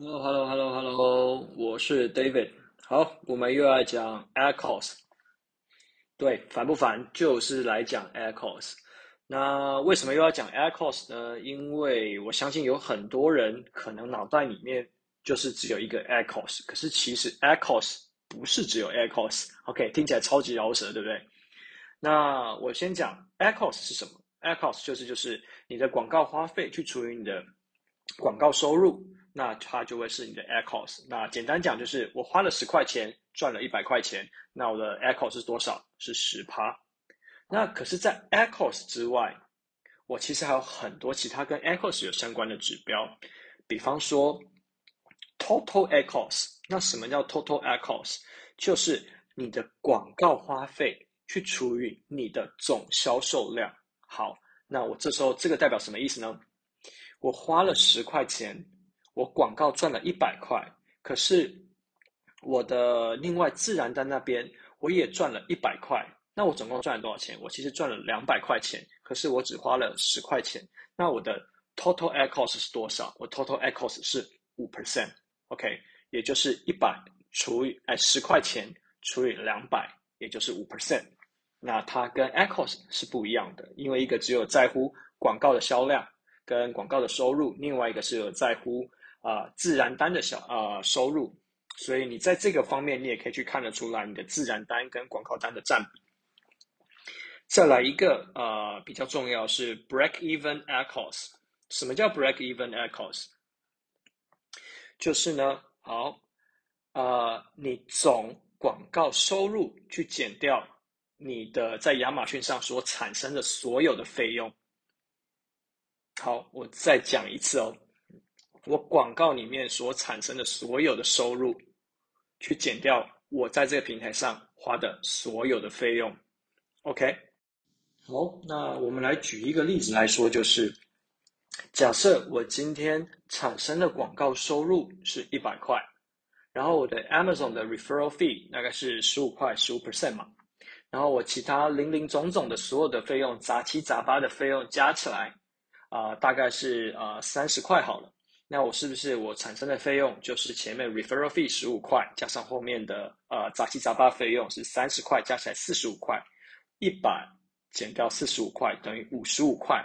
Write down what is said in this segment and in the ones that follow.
Hello, hello, hello, hello，我是 David。好，我們又要講 ACOS。對，煩不煩？就是來講 ACOS。那為什麼又要講 ACOS 呢？因為我相信有很多人可能腦袋裡面就是只有一個 ACOS，可是其實 ACOS 不是只有 ACOS。OK，聽起來超級饒舌，對不對？那我先講 ACOS 是什麼？ACOS 就是就是你的廣告花費去除以你的廣告收入。那它就會是你的 ACOS 那簡單講就是，我花了十塊錢賺了一百塊錢，那我的 ACOS 是多少？是十趴。那可是，在 ACOS 之外，我其實還有很多其他跟 ACOS 有相關的指標，比方說 Total ACOS 那什麼叫 Total ACOS 就是你的廣告花費去除以你的總銷售量。好，那我這時候這個代表什麼意思呢？我花了十塊錢。我廣告賺了一百塊，可是我的另外自然單那邊我也賺了一百塊，那我總共賺了多少錢？我其實賺了兩百塊錢，可是我只花了十塊錢。那我的 total ACOS 是多少？我 total ACOS 是五 percent，OK，okay? 也就是一百除以哎十塊錢除以兩百，也就是五 percent。那它跟 ACOS 是不一樣的，因為一個只有在乎廣告的銷量跟廣告的收入，另外一個是有在乎。啊、呃，自然單的小啊、呃、收入，所以你在這個方面你也可以去看得出來你的自然單跟廣告單的占比。再來一個啊、呃，比較重要是 Breakeven ACOS，什麼叫 Breakeven ACOS？就是呢，好，呃，你總廣告收入去減掉你的在亞馬遜上所產生的所有的費用。好，我再講一次哦。我廣告裡面所產生的所有的收入，去減掉我在這個平台上花的所有的費用。OK，好，oh，那我們來舉一個例子來說，就是假設我今天產生的廣告收入是一百塊，然後我的 Amazon 的 Referral Fee 大概是十五塊15，十五 percent 嘛，然後我其他零零總總的所有的費用，雜七雜八的費用加起來，啊，呃，大概是啊三十塊好了。那我是不是我產生的費用就是前面 referral fee 十五塊，加上後面的呃雜七雜八費用是三十塊，加起來四十五塊，一百減掉四十五塊等於五十五塊，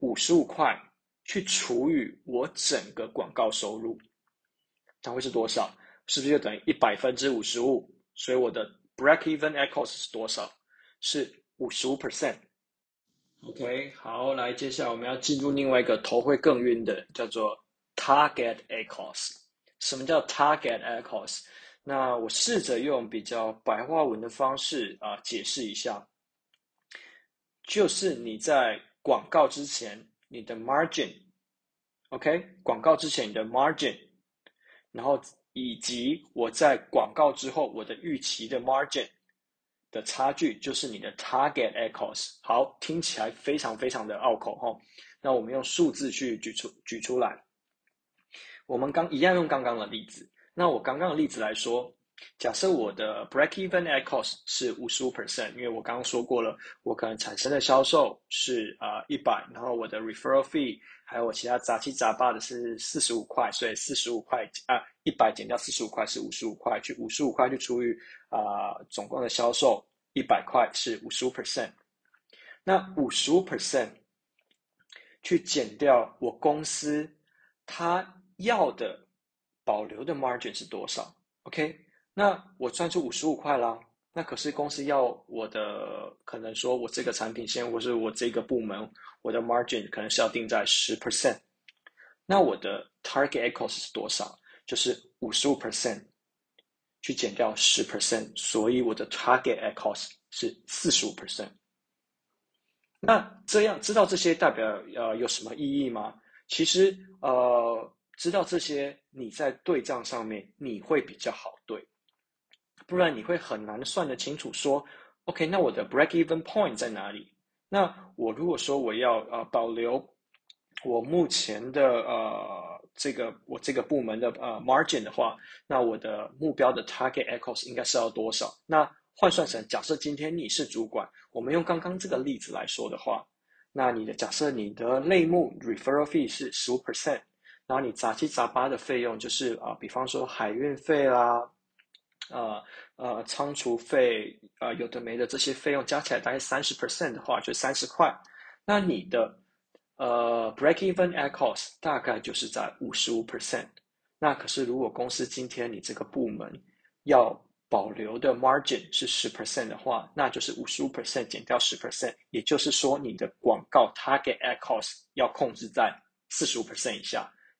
五十五塊去除以我整個廣告收入，它會是多少？是不是就等於一百分之五十五？所以我的 break even ACOS 是多少？是五十五 percent。OK，好，來，接下來我們要進入另外一個頭會更暈的，叫做。Target ACOS，什麼叫 target ACOS？那我試着用比較白話文的方式啊、呃、解釋一下，就是你在廣告之前你的 margin，OK，、okay？廣告之前你的 margin，然後以及我在廣告之後我的預期的 margin 的差距，就是你的 target ACOS。好，聽起來非常非常的拗口哈。那我們用數字去舉出舉出來。我們剛一樣用剛剛的例子，那我剛剛的例子來說，假設我的 break even ACOS 是五十五 percent，因為我剛剛說過了，我可能產生的銷售是啊一百，呃、100, 然後我的 referral fee 還有我其他雜七雜八的是四十五塊，所以四十五塊啊一百減掉四十五塊是五十五塊，去五十五塊就除以啊總共的銷售一百塊是五十五 percent，那五十五 percent 去減掉我公司它。要的保留的 margin 是多少？OK，那我算出五十五塊啦。那可是公司要我的，可能說我這個產品線或是我這個部門，我的 margin 可能是要定在十 percent。那我的 target ACOS 是多少？就是五十五 percent 去減掉十 percent，所以我的 target ACOS 是四十五 percent。那這樣知道這些代表呃有什麼意義嗎？其實呃。知道這些，你在對賬上面你會比較好對，不然你會很難算得清楚說。說，OK，那我的 break even point 在哪裡？那我如果說我要呃保留我目前的呃這個我這個部門的呃 margin 的話，那我的目標的 target ACOS 應該是要多少？那換算成假設今天你是主管，我們用剛剛這個例子來說的話，那你的假設你的類目 referral fee 是十五 percent。然後你雜七雜八的費用就是啊，比方說海運費啦、啊，呃呃倉儲費啊、呃，有的沒的這些費用加起來大概三十 percent 的話，就三十塊。那你的呃 Breakeven ACOS 大概就是在五十五 percent。那可是如果公司今天你這個部門要保留的 margin 是十 percent 的話，那就是五十五 percent 減掉十 percent，也就是說你的廣告 Target ACOS 要控制在四十五 percent 以下。